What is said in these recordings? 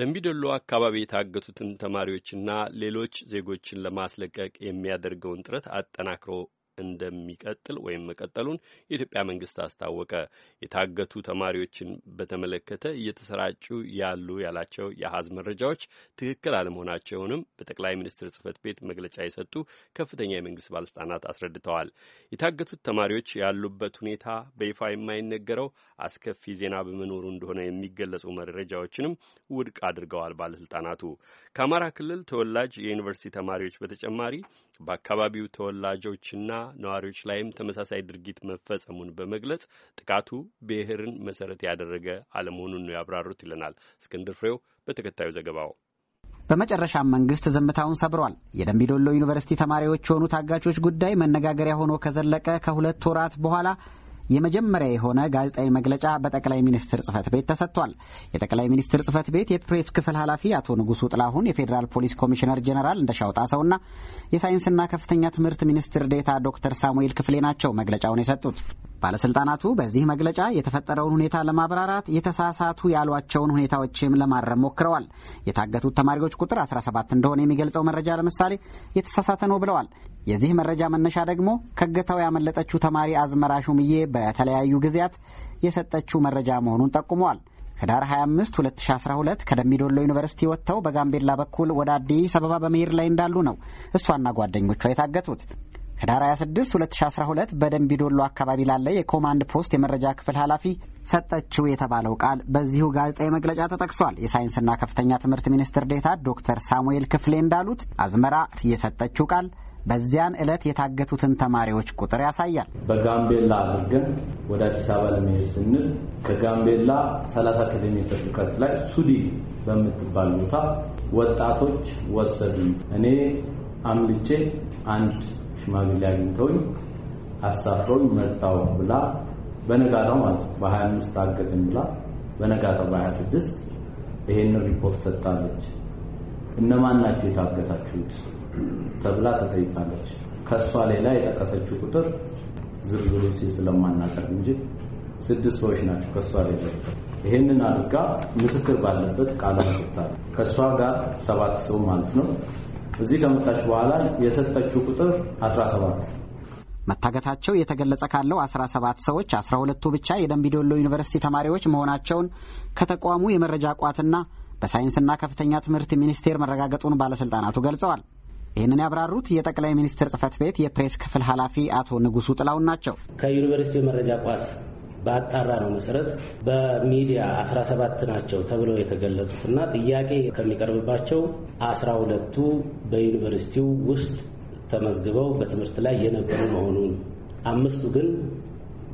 ደንቢዶሎ አካባቢ የታገቱትን ተማሪዎችና ሌሎች ዜጎችን ለማስለቀቅ የሚያደርገውን ጥረት አጠናክሮ እንደሚቀጥል ወይም መቀጠሉን የኢትዮጵያ መንግስት አስታወቀ። የታገቱ ተማሪዎችን በተመለከተ እየተሰራጩ ያሉ ያላቸው የአሀዝ መረጃዎች ትክክል አለመሆናቸውንም በጠቅላይ ሚኒስትር ጽህፈት ቤት መግለጫ የሰጡ ከፍተኛ የመንግስት ባለስልጣናት አስረድተዋል። የታገቱት ተማሪዎች ያሉበት ሁኔታ በይፋ የማይነገረው አስከፊ ዜና በመኖሩ እንደሆነ የሚገለጹ መረጃዎችንም ውድቅ አድርገዋል ባለስልጣናቱ። ከአማራ ክልል ተወላጅ የዩኒቨርሲቲ ተማሪዎች በተጨማሪ በአካባቢው ተወላጆችና ነዋሪዎች ላይም ተመሳሳይ ድርጊት መፈጸሙን በመግለጽ ጥቃቱ ብሔርን መሰረት ያደረገ አለመሆኑን ነው ያብራሩት ይለናል እስክንድር ፍሬው በተከታዩ ዘገባው። በመጨረሻም መንግስት ዝምታውን ሰብሯል። የደምቢዶሎ ዩኒቨርሲቲ ተማሪዎች የሆኑ ታጋቾች ጉዳይ መነጋገሪያ ሆኖ ከዘለቀ ከሁለት ወራት በኋላ የመጀመሪያ የሆነ ጋዜጣዊ መግለጫ በጠቅላይ ሚኒስትር ጽህፈት ቤት ተሰጥቷል። የጠቅላይ ሚኒስትር ጽህፈት ቤት የፕሬስ ክፍል ኃላፊ አቶ ንጉሱ ጥላሁን፣ የፌዴራል ፖሊስ ኮሚሽነር ጀኔራል እንደሻው ጣሰውና የሳይንስና ከፍተኛ ትምህርት ሚኒስትር ዴታ ዶክተር ሳሙኤል ክፍሌ ናቸው መግለጫውን የሰጡት። ባለስልጣናቱ በዚህ መግለጫ የተፈጠረውን ሁኔታ ለማብራራት የተሳሳቱ ያሏቸውን ሁኔታዎችም ለማረም ሞክረዋል። የታገቱት ተማሪዎች ቁጥር 17 እንደሆነ የሚገልጸው መረጃ ለምሳሌ የተሳሳተ ነው ብለዋል። የዚህ መረጃ መነሻ ደግሞ ከእገታው ያመለጠችው ተማሪ አዝመራ ሹምዬ በተለያዩ ጊዜያት የሰጠችው መረጃ መሆኑን ጠቁመዋል። ህዳር 25 2012 ከደሚዶሎ ዩኒቨርሲቲ ወጥተው በጋምቤላ በኩል ወደ አዲስ አበባ በመሄድ ላይ እንዳሉ ነው እሷና ጓደኞቿ የታገቱት። ህዳር 26 2012 በደንቢ ዶሎ አካባቢ ላለ የኮማንድ ፖስት የመረጃ ክፍል ኃላፊ ሰጠችው የተባለው ቃል በዚሁ ጋዜጣዊ መግለጫ ተጠቅሷል። የሳይንስና ከፍተኛ ትምህርት ሚኒስትር ዴታ ዶክተር ሳሙኤል ክፍሌ እንዳሉት አዝመራ የሰጠችው ቃል በዚያን ዕለት የታገቱትን ተማሪዎች ቁጥር ያሳያል። በጋምቤላ አድርገን ወደ አዲስ አበባ ለመሄድ ስንል ከጋምቤላ 30 ኪሎ ሜትር ርቀት ላይ ሱዲ በምትባል ቦታ ወጣቶች ወሰዱ። እኔ አምልጬ አንድ ሽማግሌ አግኝተውኝ አሳፍረውኝ መጣው ብላ በነጋታው ማለት ነው በ25 ብላ በነጋታው በሀያ ስድስት ይሄንን ሪፖርት ሰጣለች። እነማን ናቸው የታገታችሁት ተብላ ተጠይቃለች። ከእሷ ሌላ የጠቀሰችው ቁጥር ዝርዝሩ ሲል ስለማናቀርብ እንጂ ስድስት ሰዎች ናቸው ከእሷ ሌላ። ይሄንን አድርጋ ምስክር ባለበት ቃሏን ሰጥታለች። ከእሷ ጋር ሰባት ሰው ማለት ነው እዚህ ከመጣች በኋላ የሰጠችው ቁጥር 17 መታገታቸው የተገለጸ ካለው 17 ሰዎች 12ቱ ብቻ የደምቢዶሎ ዩኒቨርሲቲ ተማሪዎች መሆናቸውን ከተቋሙ የመረጃ ቋትና በሳይንስና ከፍተኛ ትምህርት ሚኒስቴር መረጋገጡን ባለስልጣናቱ ገልጸዋል። ይህንን ያብራሩት የጠቅላይ ሚኒስትር ጽህፈት ቤት የፕሬስ ክፍል ኃላፊ አቶ ንጉሱ ጥላውን ናቸው። ከዩኒቨርሲቲው መረጃ ቋት በአጣራ ነው መሰረት በሚዲያ 17 ናቸው ተብለው እና ጥያቄ ከሚቀርብባቸው 12ቱ በዩኒቨርሲቲው ውስጥ ተመዝግበው በትምህርት ላይ የነበሩ መሆኑን አምስቱ ግን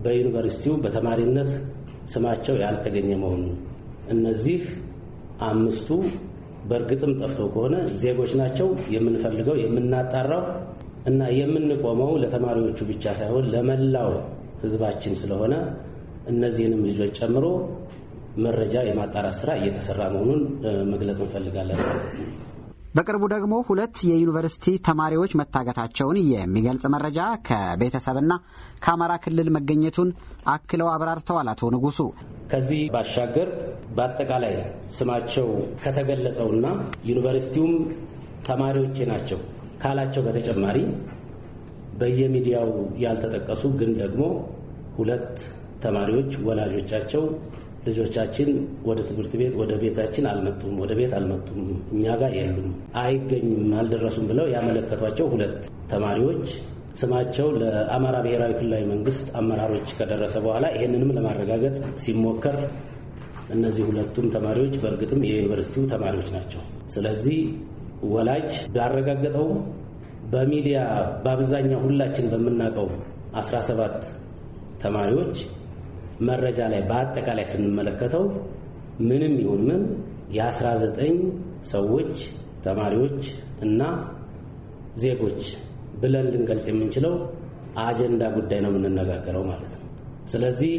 በዩኒቨርሲቲው በተማሪነት ስማቸው ያልተገኘ መሆኑን እነዚህ አምስቱ በእርግጥም ጠፍተው ከሆነ ዜጎች ናቸው። የምንፈልገው የምናጣራው እና የምንቆመው ለተማሪዎቹ ብቻ ሳይሆን ለመላው ሕዝባችን ስለሆነ እነዚህንም ልጆች ጨምሮ መረጃ የማጣራት ስራ እየተሰራ መሆኑን መግለጽ እንፈልጋለን። በቅርቡ ደግሞ ሁለት የዩኒቨርሲቲ ተማሪዎች መታገታቸውን የሚገልጽ መረጃ ከቤተሰብና ከአማራ ክልል መገኘቱን አክለው አብራርተዋል አቶ ንጉሱ። ከዚህ ባሻገር በአጠቃላይ ስማቸው ከተገለጸውና ዩኒቨርሲቲውም ተማሪዎቼ ናቸው ካላቸው በተጨማሪ በየሚዲያው ያልተጠቀሱ ግን ደግሞ ሁለት ተማሪዎች ወላጆቻቸው ልጆቻችን ወደ ትምህርት ቤት ወደ ቤታችን አልመጡም፣ ወደ ቤት አልመጡም፣ እኛ ጋር የሉም፣ አይገኙም፣ አልደረሱም ብለው ያመለከቷቸው ሁለት ተማሪዎች ስማቸው ለአማራ ብሔራዊ ክልላዊ መንግስት አመራሮች ከደረሰ በኋላ ይህንንም ለማረጋገጥ ሲሞከር እነዚህ ሁለቱም ተማሪዎች በእርግጥም የዩኒቨርሲቲው ተማሪዎች ናቸው። ስለዚህ ወላጅ ያረጋገጠው በሚዲያ በአብዛኛው ሁላችን በምናውቀው 17 ተማሪዎች መረጃ ላይ በአጠቃላይ ስንመለከተው ምንም ይሁን ምን የ19 ሰዎች ተማሪዎች እና ዜጎች ብለን ልንገልጽ የምንችለው አጀንዳ ጉዳይ ነው የምንነጋገረው ማለት ነው። ስለዚህ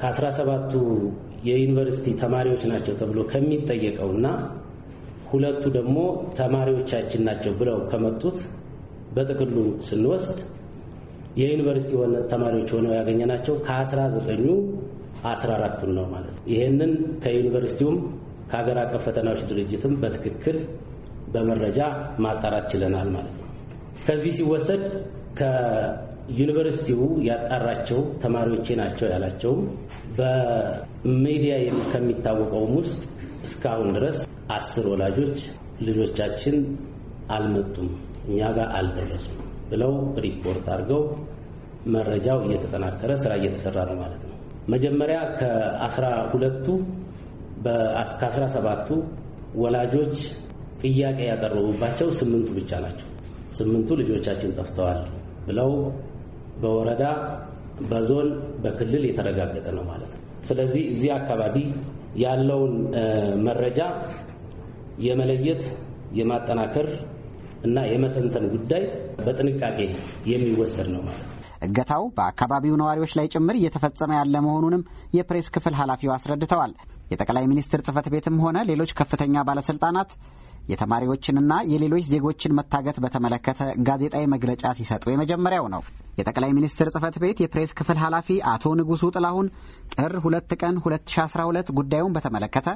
ከ17ቱ የዩኒቨርሲቲ ተማሪዎች ናቸው ተብሎ ከሚጠየቀው እና ሁለቱ ደግሞ ተማሪዎቻችን ናቸው ብለው ከመጡት በጥቅሉ ስንወስድ የዩኒቨርሲቲ ተማሪዎች ሆነው ያገኘናቸው ከአስራ ዘጠኙ አስራ አራቱን ነው ማለት ነው። ይህንን ከዩኒቨርሲቲውም ከሀገር አቀፍ ፈተናዎች ድርጅትም በትክክል በመረጃ ማጣራት ችለናል ማለት ነው። ከዚህ ሲወሰድ ከዩኒቨርሲቲው ያጣራቸው ተማሪዎቼ ናቸው ያላቸው በሚዲያ ከሚታወቀውም ውስጥ እስካሁን ድረስ አስር ወላጆች ልጆቻችን አልመጡም፣ እኛ ጋር አልደረሱም ብለው ሪፖርት አድርገው መረጃው እየተጠናከረ ስራ እየተሰራ ነው ማለት ነው። መጀመሪያ ከአስራ ሁለቱ ከአስራ ሰባቱ ወላጆች ጥያቄ ያቀረቡባቸው ስምንቱ ብቻ ናቸው። ስምንቱ ልጆቻችን ጠፍተዋል ብለው በወረዳ በዞን በክልል የተረጋገጠ ነው ማለት ነው። ስለዚህ እዚህ አካባቢ ያለውን መረጃ የመለየት የማጠናከር እና የመተንተን ጉዳይ በጥንቃቄ የሚወሰድ ነው ማለት ነው። እገታው በአካባቢው ነዋሪዎች ላይ ጭምር እየተፈጸመ ያለ መሆኑንም የፕሬስ ክፍል ኃላፊው አስረድተዋል። የጠቅላይ ሚኒስትር ጽህፈት ቤትም ሆነ ሌሎች ከፍተኛ ባለስልጣናት የተማሪዎችንና የሌሎች ዜጎችን መታገት በተመለከተ ጋዜጣዊ መግለጫ ሲሰጡ የመጀመሪያው ነው። የጠቅላይ ሚኒስትር ጽህፈት ቤት የፕሬስ ክፍል ኃላፊ አቶ ንጉሱ ጥላሁን ጥር ሁለት ቀን 2012 ጉዳዩን በተመለከተ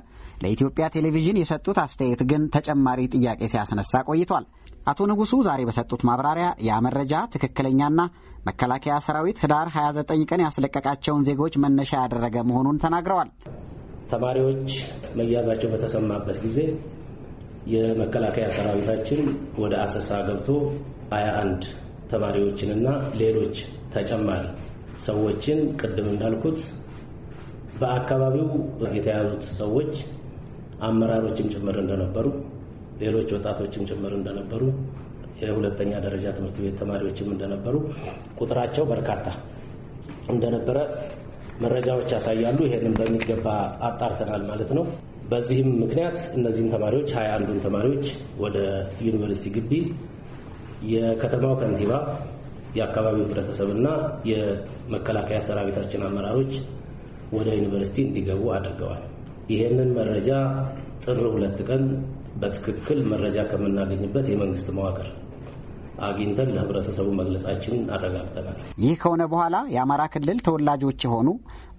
ለኢትዮጵያ ቴሌቪዥን የሰጡት አስተያየት ግን ተጨማሪ ጥያቄ ሲያስነሳ ቆይቷል። አቶ ንጉሱ ዛሬ በሰጡት ማብራሪያ ያ መረጃ ትክክለኛና መከላከያ ሰራዊት ህዳር 29 ቀን ያስለቀቃቸውን ዜጎች መነሻ ያደረገ መሆኑን ተናግረዋል። ተማሪዎች መያዛቸው በተሰማበት ጊዜ የመከላከያ ሰራዊታችን ወደ አሰሳ ገብቶ 21 ተማሪዎችንና ሌሎች ተጨማሪ ሰዎችን ቅድም እንዳልኩት በአካባቢው የተያዙት ሰዎች አመራሮችም ጭምር እንደነበሩ፣ ሌሎች ወጣቶችም ጭምር እንደነበሩ፣ የሁለተኛ ደረጃ ትምህርት ቤት ተማሪዎችም እንደነበሩ ቁጥራቸው በርካታ እንደነበረ መረጃዎች ያሳያሉ። ይሄንን በሚገባ አጣርተናል ማለት ነው። በዚህም ምክንያት እነዚህን ተማሪዎች ሀያ አንዱን ተማሪዎች ወደ ዩኒቨርሲቲ ግቢ የከተማው ከንቲባ የአካባቢው እና የመከላከያ ሰራዊታችን አመራሮች ወደ ዩኒቨርሲቲ እንዲገቡ አድርገዋል። ይህንን መረጃ ጥር ሁለት ቀን በትክክል መረጃ ከምናገኝበት የመንግስት መዋቅር አግኝተን ለህብረተሰቡ መግለጻችንን አረጋግጠናል። ይህ ከሆነ በኋላ የአማራ ክልል ተወላጆች የሆኑ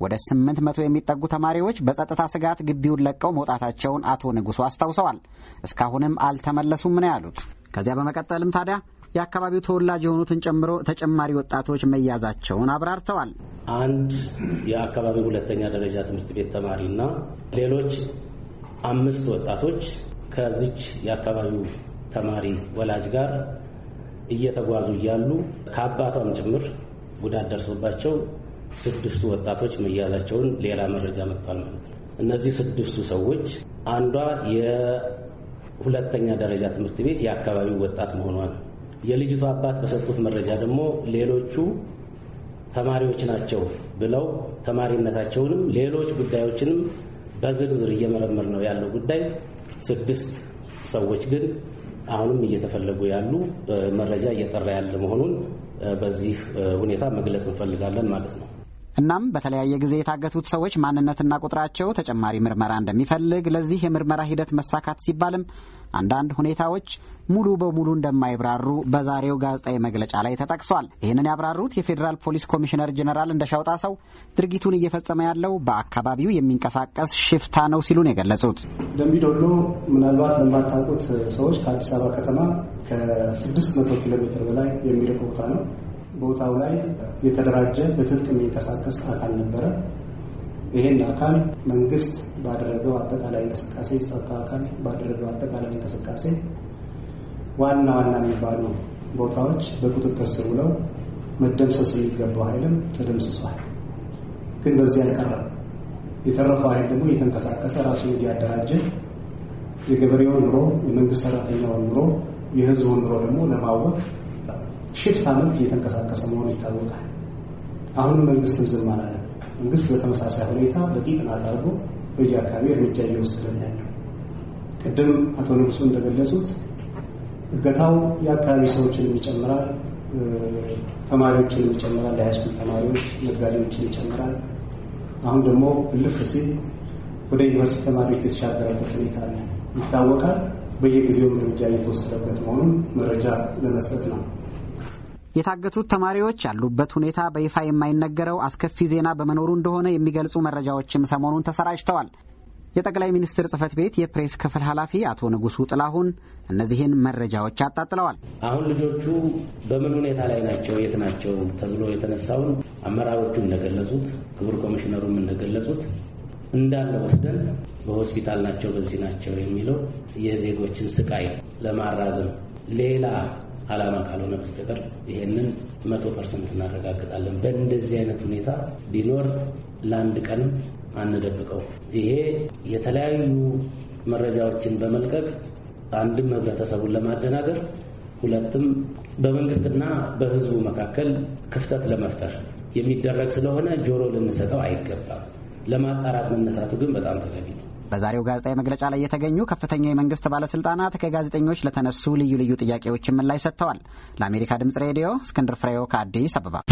ወደ ስምንት መቶ የሚጠጉ ተማሪዎች በጸጥታ ስጋት ግቢውን ለቀው መውጣታቸውን አቶ ንጉሱ አስታውሰዋል። እስካሁንም አልተመለሱም ነው ያሉት። ከዚያ በመቀጠልም ታዲያ የአካባቢው ተወላጅ የሆኑትን ጨምሮ ተጨማሪ ወጣቶች መያዛቸውን አብራርተዋል። አንድ የአካባቢው ሁለተኛ ደረጃ ትምህርት ቤት ተማሪና ሌሎች አምስት ወጣቶች ከዚች የአካባቢው ተማሪ ወላጅ ጋር እየተጓዙ እያሉ ከአባቷም ጭምር ጉዳት ደርሶባቸው ስድስቱ ወጣቶች መያዛቸውን ሌላ መረጃ መጥቷል ማለት ነው። እነዚህ ስድስቱ ሰዎች አንዷ የሁለተኛ ደረጃ ትምህርት ቤት የአካባቢው ወጣት መሆኗን የልጅቷ አባት በሰጡት መረጃ ደግሞ ሌሎቹ ተማሪዎች ናቸው ብለው ተማሪነታቸውንም ሌሎች ጉዳዮችንም በዝርዝር እየመረመር ነው ያለው ጉዳይ ስድስት ሰዎች ግን አሁንም እየተፈለጉ ያሉ መረጃ እየጠራ ያለ መሆኑን በዚህ ሁኔታ መግለጽ እንፈልጋለን ማለት ነው። እናም በተለያየ ጊዜ የታገቱት ሰዎች ማንነትና ቁጥራቸው ተጨማሪ ምርመራ እንደሚፈልግ፣ ለዚህ የምርመራ ሂደት መሳካት ሲባልም አንዳንድ ሁኔታዎች ሙሉ በሙሉ እንደማይብራሩ በዛሬው ጋዜጣዊ መግለጫ ላይ ተጠቅሷል። ይህንን ያብራሩት የፌዴራል ፖሊስ ኮሚሽነር ጀኔራል እንደሻውጣ ሰው ድርጊቱን እየፈጸመ ያለው በአካባቢው የሚንቀሳቀስ ሽፍታ ነው ሲሉን የገለጹት ደምቢዶሎ ምናልባት ለማታውቁት ሰዎች ከአዲስ አበባ ከተማ ከስድስት መቶ ኪሎ ሜትር በላይ የሚርቅ ቦታ ነው። ቦታው ላይ የተደራጀ በትጥቅ የሚንቀሳቀስ አካል ነበረ። ይህን አካል መንግስት ባደረገው አጠቃላይ እንቅስቃሴ የጸጥታ አካል ባደረገው አጠቃላይ እንቅስቃሴ ዋና ዋና የሚባሉ ቦታዎች በቁጥጥር ስር ውለው መደምሰስ የሚገባው ኃይልም ተደምስሷል። ግን በዚህ አልቀረም። የተረፈው ኃይል ደግሞ እየተንቀሳቀሰ ራሱን እያደራጀ የገበሬውን ኑሮ፣ የመንግስት ሰራተኛውን ኑሮ፣ የህዝቡን ኑሮ ደግሞ ለማወቅ ሽፍት መልክ እየተንቀሳቀሰ መሆኑ ይታወቃል። አሁንም መንግስትም ዝም አላለም። መንግስት በተመሳሳይ ሁኔታ በቂ ጥናት አድርጎ በየአካባቢ እርምጃ እየወሰደ ነው ያለው። ቅድም አቶ ንጉሱ እንደገለጹት እገታው የአካባቢ ሰዎችን ይጨምራል፣ ተማሪዎችንም ይጨምራል፣ ለሃይስኩል ተማሪዎች፣ ነጋዴዎችን ይጨምራል። አሁን ደግሞ እልፍ ሲል ወደ ዩኒቨርሲቲ ተማሪዎች የተሻገረበት ሁኔታ አለ ይታወቃል። በየጊዜውም እርምጃ እየተወሰደበት መሆኑን መረጃ ለመስጠት ነው። የታገቱት ተማሪዎች ያሉበት ሁኔታ በይፋ የማይነገረው አስከፊ ዜና በመኖሩ እንደሆነ የሚገልጹ መረጃዎችም ሰሞኑን ተሰራጭተዋል። የጠቅላይ ሚኒስትር ጽህፈት ቤት የፕሬስ ክፍል ኃላፊ አቶ ንጉሱ ጥላሁን እነዚህን መረጃዎች አጣጥለዋል። አሁን ልጆቹ በምን ሁኔታ ላይ ናቸው፣ የት ናቸው ተብሎ የተነሳውን አመራሮቹ እንደገለጹት፣ ክቡር ኮሚሽነሩም እንደገለጹት እንዳለ ወስደን በሆስፒታል ናቸው፣ በዚህ ናቸው የሚለው የዜጎችን ስቃይ ለማራዘም ሌላ ዓላማ ካልሆነ በስተቀር ይሄንን መቶ ፐርሰንት እናረጋግጣለን። በእንደዚህ አይነት ሁኔታ ቢኖር ለአንድ ቀንም አንደብቀው። ይሄ የተለያዩ መረጃዎችን በመልቀቅ አንድም ህብረተሰቡን ለማደናገር፣ ሁለትም በመንግስትና በህዝቡ መካከል ክፍተት ለመፍጠር የሚደረግ ስለሆነ ጆሮ ልንሰጠው አይገባም። ለማጣራት መነሳቱ ግን በጣም ተገቢ ነው። በዛሬው ጋዜጣዊ መግለጫ ላይ የተገኙ ከፍተኛ የመንግስት ባለስልጣናት ከጋዜጠኞች ለተነሱ ልዩ ልዩ ጥያቄዎች ምላሽ ሰጥተዋል። ለአሜሪካ ድምጽ ሬዲዮ እስክንድር ፍሬው ከአዲስ አበባ